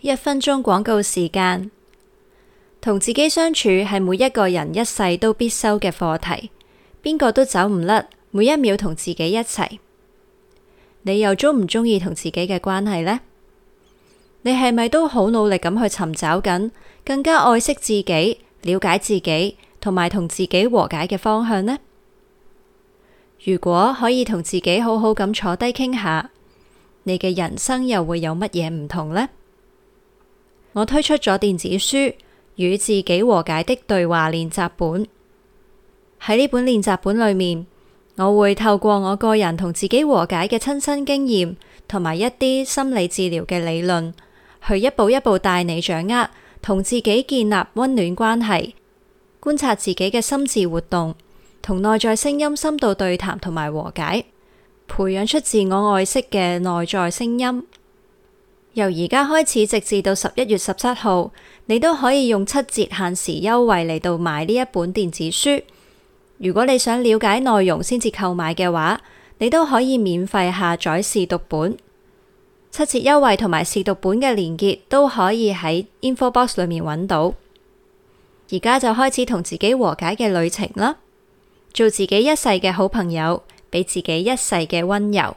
一分鐘廣告時間，同自己相處係每一個人一世都必修嘅課題，邊個都走唔甩。每一秒同自己一齊，你又中唔中意同自己嘅關係呢？你係咪都好努力咁去尋找緊，更加愛惜自己、了解自己，同埋同自己和解嘅方向呢？如果可以同自己好好咁坐低傾下談談，你嘅人生又會有乜嘢唔同呢？我推出咗電子書《與自己和解的對話練習本》，喺呢本練習本裏面，我會透過我個人同自己和解嘅親身經驗，同埋一啲心理治療嘅理論，去一步一步帶你掌握同自己建立温暖關係，觀察自己嘅心智活動，同內在聲音深度對談同埋和解，培養出自我愛惜嘅內在聲音。由而家開始，直至到十一月十七號，你都可以用七折限時優惠嚟到買呢一本電子書。如果你想了解內容先至購買嘅話，你都可以免費下載試讀本。七折優惠同埋試讀本嘅連結都可以喺 info box 裏面揾到。而家就開始同自己和解嘅旅程啦，做自己一世嘅好朋友，俾自己一世嘅溫柔。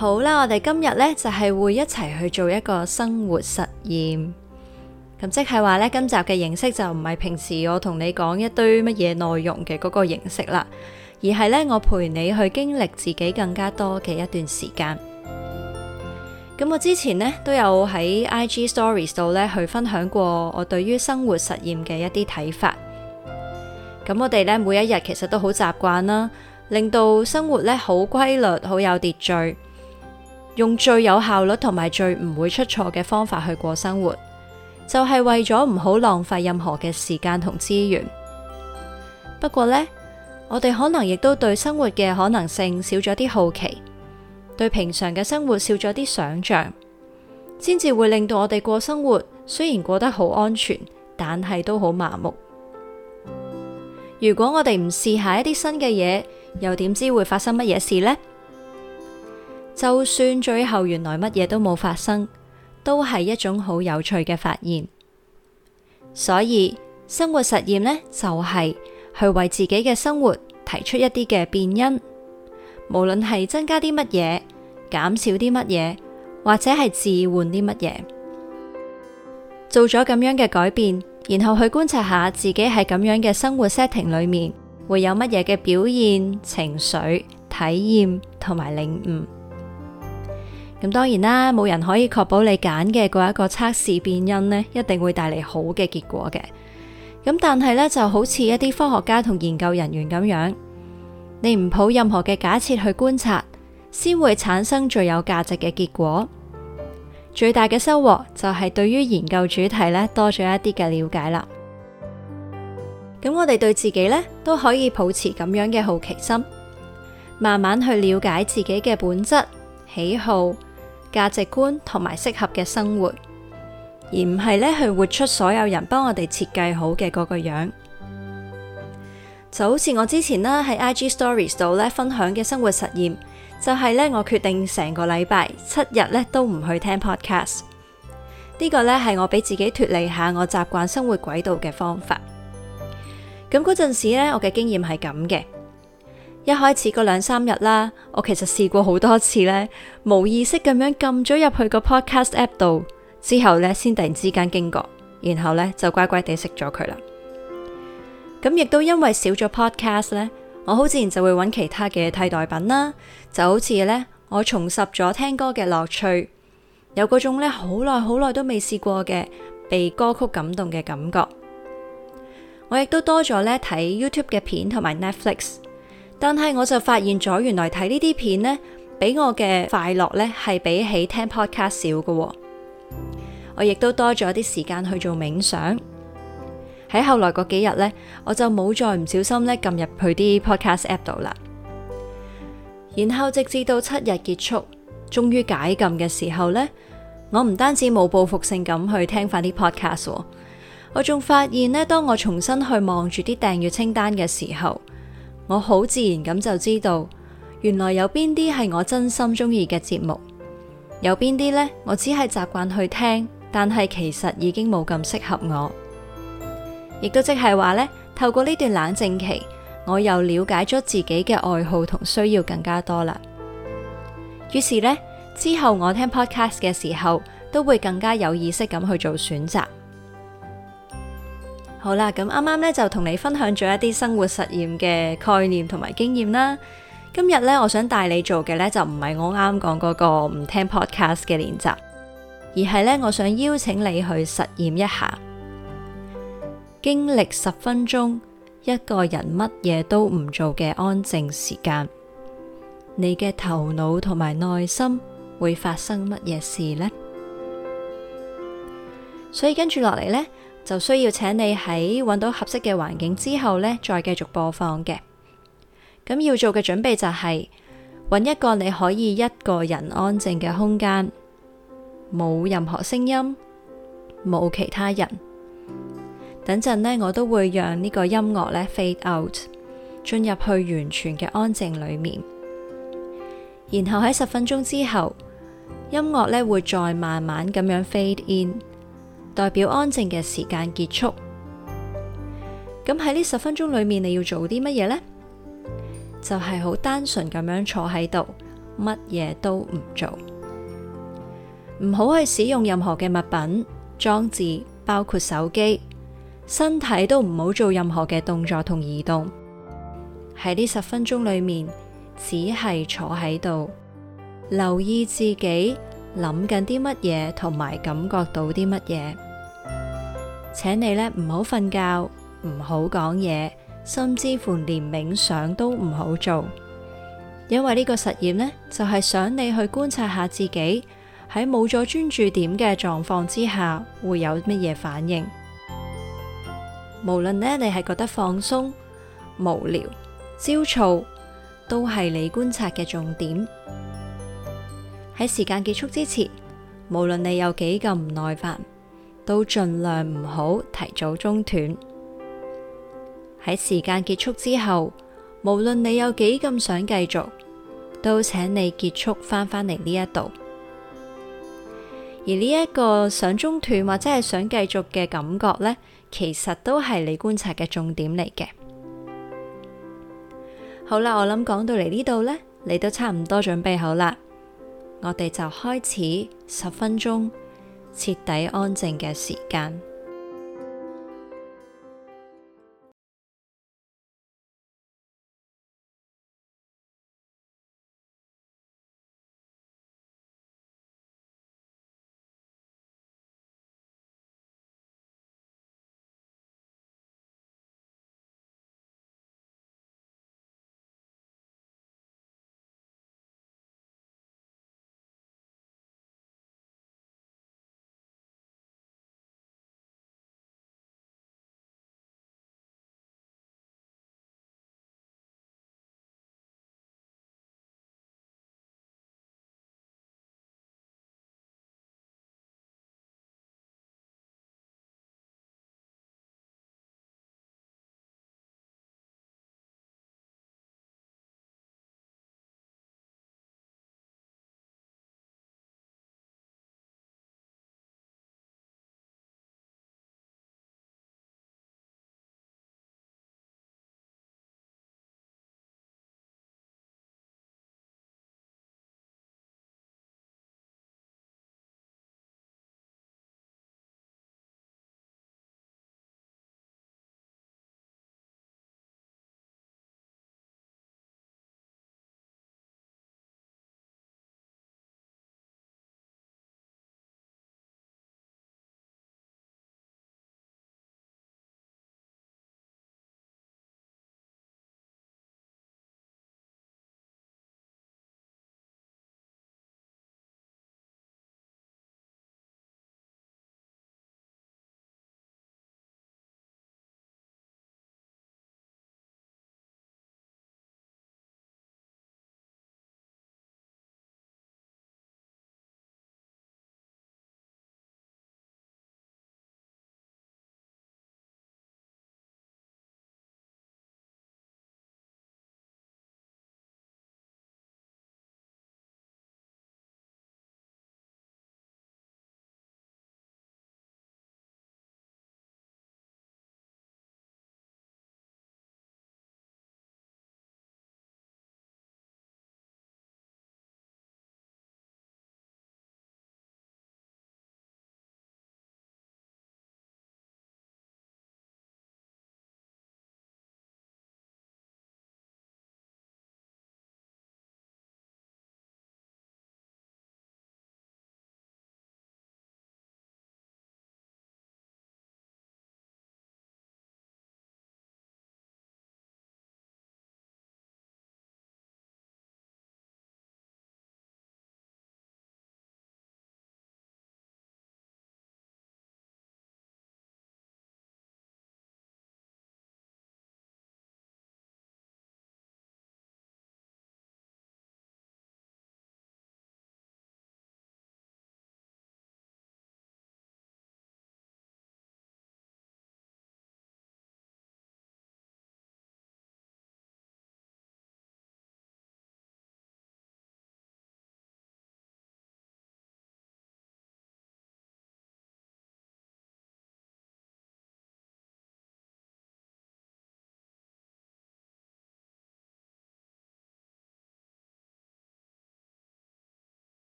好啦，我哋今日呢就係會一齊去做一個生活實驗，咁即係話呢，今集嘅形式就唔係平時我同你講一堆乜嘢內容嘅嗰個形式啦，而係呢，我陪你去經歷自己更加多嘅一段時間。咁我之前呢都有喺 IG Stories 度呢去分享過我對於生活實驗嘅一啲睇法。咁我哋呢每一日其實都好習慣啦，令到生活呢好規律，好有秩序。用最有效率同埋最唔會出錯嘅方法去過生活，就係為咗唔好浪費任何嘅時間同資源。不過呢，我哋可能亦都對生活嘅可能性少咗啲好奇，對平常嘅生活少咗啲想象，先至會令到我哋過生活雖然過得好安全，但係都好麻木。如果我哋唔試下一啲新嘅嘢，又點知會發生乜嘢事呢？就算最後原來乜嘢都冇發生，都係一種好有趣嘅發現。所以生活實驗呢，就係去為自己嘅生活提出一啲嘅變因，無論係增加啲乜嘢、減少啲乜嘢，或者係置換啲乜嘢，做咗咁樣嘅改變，然後去觀察下自己喺咁樣嘅生活 setting 裏面會有乜嘢嘅表現、情緒、體驗同埋領悟。咁當然啦，冇人可以確保你揀嘅嗰一個測試變因呢，一定會帶嚟好嘅結果嘅。咁但係呢，就好似一啲科學家同研究人員咁樣，你唔抱任何嘅假設去觀察，先會產生最有價值嘅結果。最大嘅收穫就係對於研究主題呢，多咗一啲嘅了解啦。咁我哋對自己呢，都可以抱持咁樣嘅好奇心，慢慢去了解自己嘅本質、喜好，價值觀同埋適合嘅生活，而唔係咧去活出所有人幫我哋設計好嘅嗰個樣。就好似我之前咧喺 IG Stories 度咧分享嘅生活實驗，就係咧我決定成個禮拜七日咧都唔去聽 podcast。呢個咧係我俾自己脫離下我習慣生活軌道嘅方法。咁嗰陣時咧，我嘅經驗係咁嘅。一開始嗰兩三日啦，我其實試過好多次呢，無意識咁樣撳咗入去個 podcast app 度之後呢，先突然之間驚覺，然後呢就乖乖哋熄咗佢啦。咁亦都因為少咗 podcast 呢，我好自然就會揾其他嘅替代品啦。就好似呢，我重拾咗聽歌嘅樂趣，有嗰種呢好耐好耐都未試過嘅被歌曲感動嘅感覺。我亦都多咗呢睇 YouTube 嘅片同埋 Netflix。但係我就發現咗，原來睇呢啲片呢，俾我嘅快樂呢，係比起聽 podcast 少嘅喎。我亦都多咗啲時間去做冥想。喺後來嗰幾日呢，我就冇再唔小心呢，撳入去啲 podcast app 度啦。然後直至到七日結束，終於解禁嘅時候呢，我唔單止冇報復性咁去聽翻啲 podcast，哦，我仲發現呢，當我重新去望住啲訂閱清單嘅時候。我好自然咁就知道，原來有邊啲係我真心中意嘅節目，有邊啲呢？我只係習慣去聽，但係其實已經冇咁適合我，亦都即係話呢，透過呢段冷靜期，我又了解咗自己嘅愛好同需要更加多啦。於是呢，之後我聽 podcast 嘅時候，都會更加有意識咁去做選擇。好啦，咁啱啱呢就同你分享咗一啲生活實驗嘅概念同埋經驗啦。今日呢，我想帶你做嘅呢，就唔係我啱講嗰個唔聽 podcast 嘅練習，而係呢，我想邀請你去實驗一下，經歷十分鐘一個人乜嘢都唔做嘅安靜時間，你嘅頭腦同埋內心會發生乜嘢事呢？所以跟住落嚟呢。就需要請你喺揾到合適嘅環境之後呢，再繼續播放嘅。咁要做嘅準備就係揾一個你可以一個人安靜嘅空間，冇任何聲音，冇其他人。等陣呢，我都會讓呢個音樂呢 fade out，進入去完全嘅安靜裏面。然後喺十分鐘之後，音樂呢會再慢慢咁樣 fade in。代表安靜嘅時間結束。咁喺呢十分鐘裏面，你要做啲乜嘢呢？就係好單純咁樣坐喺度，乜嘢都唔做，唔好去使用任何嘅物品、裝置，包括手機，身體都唔好做任何嘅動作同移動。喺呢十分鐘裏面，只係坐喺度，留意自己，諗緊啲乜嘢，同埋感覺到啲乜嘢，請你呢唔好瞓覺，唔好講嘢，甚至乎連冥想都唔好做，因為呢個實驗呢，就係想你去觀察下自己喺冇咗專注點嘅狀況之下會有乜嘢反應。無論呢，你係覺得放鬆、無聊、焦躁，都係你觀察嘅重點。喺時間結束之前，無論你有幾咁唔耐煩，都盡量唔好提早中斷。喺時間結束之後，無論你有幾咁想繼續，都請你結束翻返嚟呢一度。而呢一個想中斷或者係想繼續嘅感覺呢，其實都係你觀察嘅重點嚟嘅。好啦，我諗講到嚟呢度呢，你都差唔多準備好啦。我哋就開始十分鐘徹底安靜嘅時間。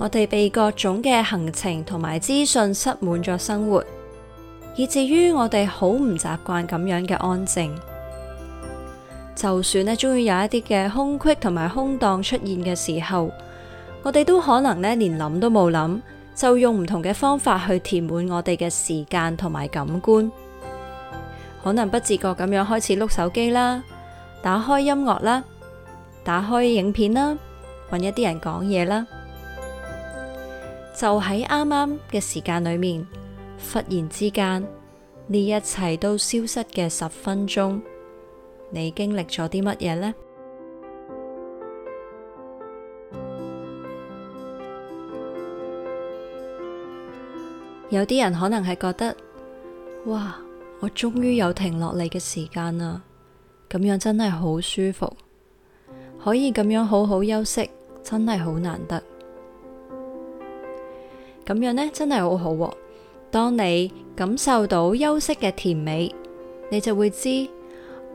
我哋被各種嘅行程同埋資訊塞滿咗生活，以至於我哋好唔習慣咁樣嘅安靜。就算呢，終於有一啲嘅空隙同埋空檔出現嘅時候，我哋都可能呢連諗都冇諗，就用唔同嘅方法去填滿我哋嘅時間同埋感官。可能不自覺咁樣開始碌手機啦，打開音樂啦，打開影片啦，搵一啲人講嘢啦。就喺啱啱嘅時間裏面，忽然之間呢一切都消失嘅十分鐘，你經歷咗啲乜嘢呢？ 有啲人可能係覺得，哇！我終於有停落嚟嘅時間啦，咁樣真係好舒服，可以咁樣好好休息，真係好難得。咁樣呢，真係好好喎，當你感受到休息嘅甜美，你就會知，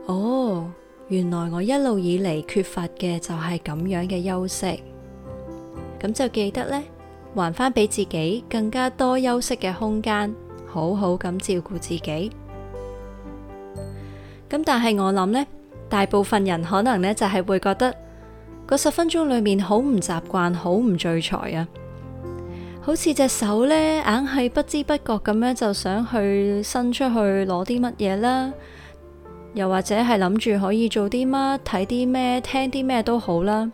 哦，原來我一路以嚟缺乏嘅就係咁樣嘅休息。咁就記得呢，還返俾自己更加多休息嘅空間，好好咁照顧自己。咁但係我諗呢，大部分人可能呢，就係會覺得，個十分鐘裏面好唔習慣，好唔聚財啊。好似隻手呢，硬係不知不覺咁樣就想去伸出去攞啲乜嘢啦，又或者係諗住可以做啲乜、睇啲咩、聽啲咩都好啦。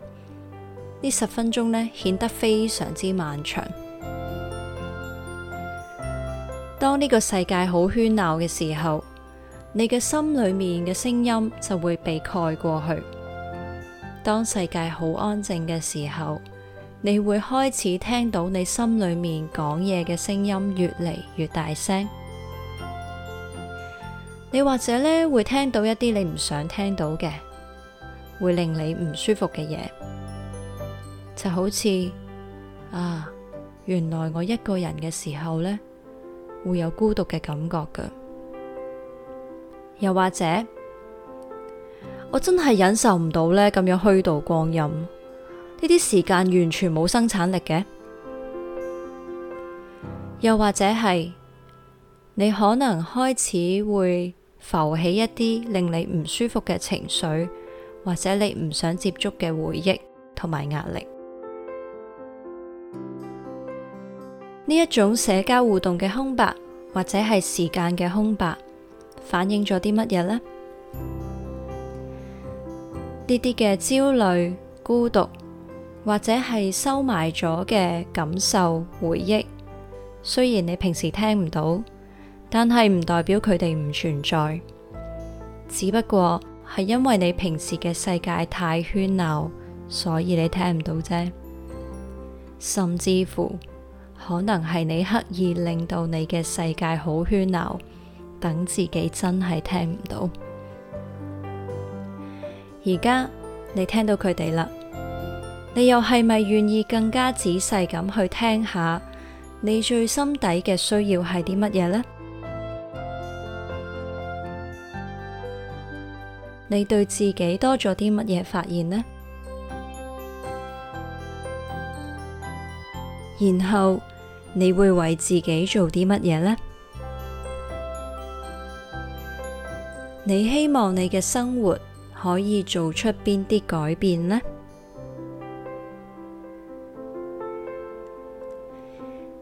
呢十分鐘呢，顯得非常之漫長。當呢個世界好喧鬧嘅時候，你嘅心裏面嘅聲音就會被蓋過去；當世界好安靜嘅時候，你會開始聽到你心裏面講嘢嘅聲音越嚟越大聲，你或者呢會聽到一啲你唔想聽到嘅，會令你唔舒服嘅嘢，就好似啊，原來我一個人嘅時候呢，會有孤獨嘅感覺噶，又或者我真係忍受唔到呢咁樣虛度光陰。呢啲時間完全冇生產力嘅，又或者係你可能開始會浮起一啲令你唔舒服嘅情緒，或者你唔想接觸嘅回憶同埋壓力。呢一種社交互動嘅空白，或者係時間嘅空白，反映咗啲乜嘢呢？呢啲嘅焦慮、孤獨。或者係收埋咗嘅感受、回憶，雖然你平時聽唔到，但係唔代表佢哋唔存在，只不過係因為你平時嘅世界太喧鬧，所以你聽唔到啫。甚至乎可能係你刻意令到你嘅世界好喧鬧，等自己真係聽唔到。而家你聽到佢哋啦。你又係咪願意更加仔細咁去聽下你最心底嘅需要係啲乜嘢呢？你對自己多咗啲乜嘢發現呢？然後你會為自己做啲乜嘢呢？你希望你嘅生活可以做出邊啲改變呢？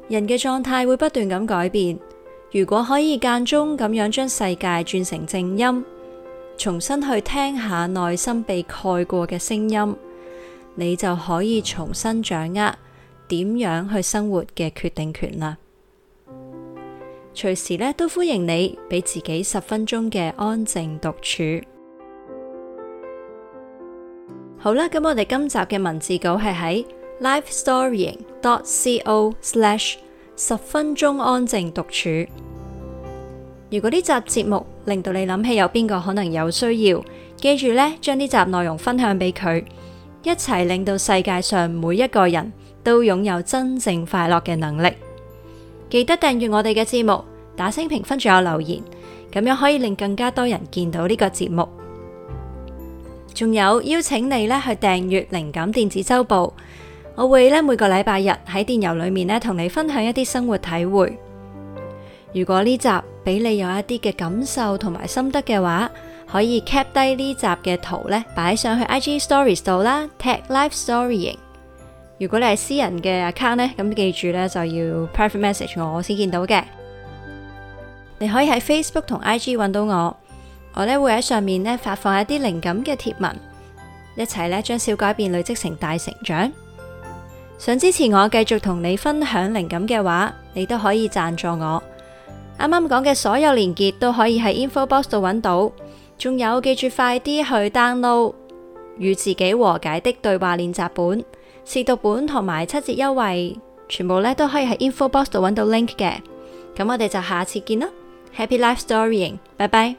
人嘅狀態會不斷咁改變。如果可以間中咁樣將世界轉成靜音，重新去聽下內心被蓋過嘅聲音，你就可以重新掌握點樣去生活嘅決定權啦。隨時呢都歡迎你俾自己十分鐘嘅安靜獨處。好啦，咁我哋今集嘅文字稿係喺。Life Storying.co/ 十分鐘安靜獨處。如果呢集節目令到你諗起有邊個可能有需要，記住咧將呢集內容分享俾佢，一齊令到世界上每一個人都擁有真正快樂嘅能力。記得訂閱我哋嘅節目，打聲評分，仲有留言，咁樣可以令更加多人見到呢個節目。仲有邀請你咧去訂閱靈感電子週報。我會咧每個禮拜日喺電郵裏面咧同你分享一啲生活體會。如果呢集俾你有一啲嘅感受同埋心得嘅話，可以 cap 低呢集嘅圖咧擺上去 IG Stories 度啦，Tech Life Storying。如果你係私人嘅 account 咧，咁記住咧就要 private message 我先見到嘅。你可以喺 Facebook 同 IG 揾到我，我咧會喺上面咧發放一啲靈感嘅貼文，一齊咧將小改變累積成大成長。想支持我繼續同你分享靈感嘅話，你都可以贊助我。啱啱講嘅所有連結都可以喺 InfoBox 度揾到，仲有記住快啲去 download 與自己和解的對話練習本、試讀本同埋七折優惠，全部咧都可以喺 InfoBox 度揾到 link 嘅。咁我哋就下次見啦，Happy Life Storying，拜拜。